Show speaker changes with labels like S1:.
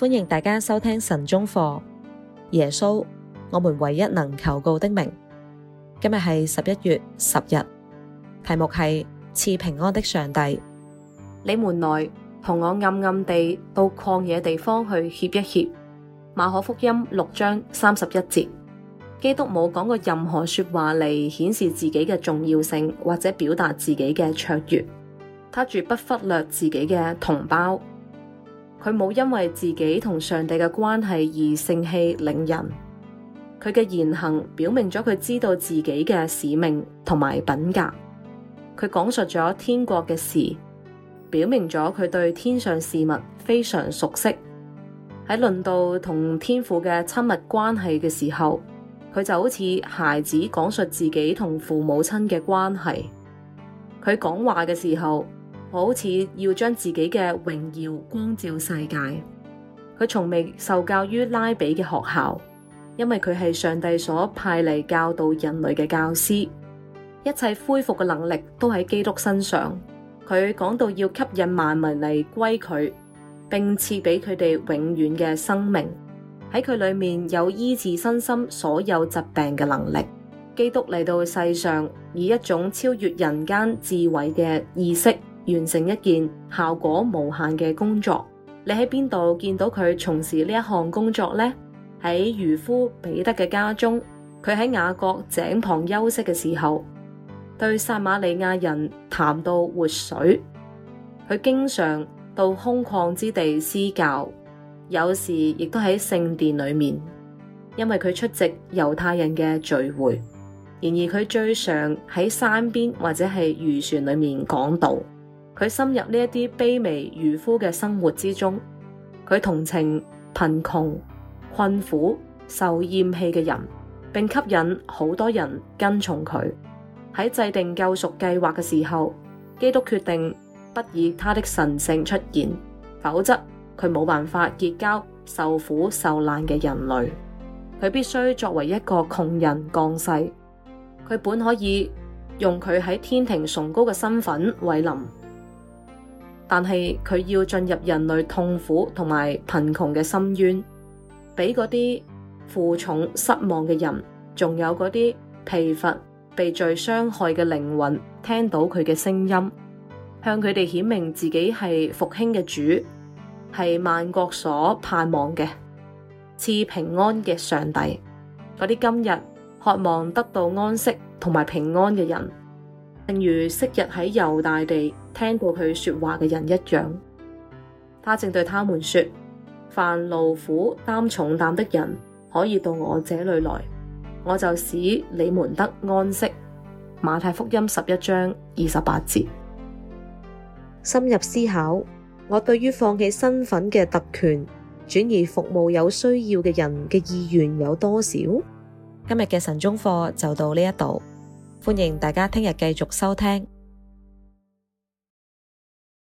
S1: 歡迎大家收聽晨鐘課，耶穌，我們唯一能求告的名。今日係十一月十日，題目係賜平安的上帝。你們來同我暗暗地到曠野地方去歇一歇。馬可福音六章三十一節，基督冇講過任何說話嚟顯示自己嘅重要性或者表達自己嘅卓越，他絕不忽略自己嘅同胞。佢冇因為自己同上帝嘅關係而盛氣凌人，佢嘅言行表明咗佢知道自己嘅使命同埋品格。佢講述咗天國嘅事，表明咗佢對天上事物非常熟悉。喺論到同天父嘅親密關係嘅時候，佢就好似孩子講述自己同父母親嘅關係。佢講話嘅時候。我好似要將自己嘅榮耀光照世界。佢從未受教於拉比嘅學校，因為佢係上帝所派嚟教導人類嘅教師。一切恢復嘅能力都喺基督身上。佢講到要吸引萬民嚟歸佢，並賜俾佢哋永遠嘅生命。喺佢裏面有醫治身心所有疾病嘅能力。基督嚟到世上，以一種超越人間智慧嘅意識，完成一件效果無限嘅工作。你喺邊度見到佢從事呢一項工作咧？喺漁夫彼得嘅家中，佢喺雅各井旁休息嘅時候，對撒瑪利亞人談到活水。佢經常到空曠之地施教，有時亦都喺聖殿裏面，因為佢出席猶太人嘅聚會。然而佢最常喺山邊或者係漁船裏面講道。佢深入呢一啲卑微漁夫嘅生活之中，佢同情貧窮、困苦、受厭棄嘅人，並吸引好多人跟從佢。喺制定救贖計劃嘅時候，基督決定不以他的神性出現，否則佢冇辦法結交受苦受難嘅人類。佢必須作為一個窮人降世。佢本可以用佢喺天庭崇高嘅身份為臨。但係佢要進入人類痛苦同埋貧窮嘅深淵，俾嗰啲負重失望嘅人，仲有嗰啲疲乏、被罪傷害嘅靈魂，聽到佢嘅聲音，向佢哋顯明自己係復興嘅主，係萬國所盼望嘅賜平安嘅上帝。嗰啲今日渴望得到安息同埋平安嘅人，正如昔日喺猶大地。聽過佢說話嘅人一樣，他正對他們說：凡勞苦擔重擔的人，可以到我這裏來，我就使你們得安息。馬太福音十一章二十八節。深入思考，我對於放棄身份嘅特權，轉移服務有需要嘅人嘅意願有多少？今日嘅神宗課就到呢一度，歡迎大家聽日繼續收聽。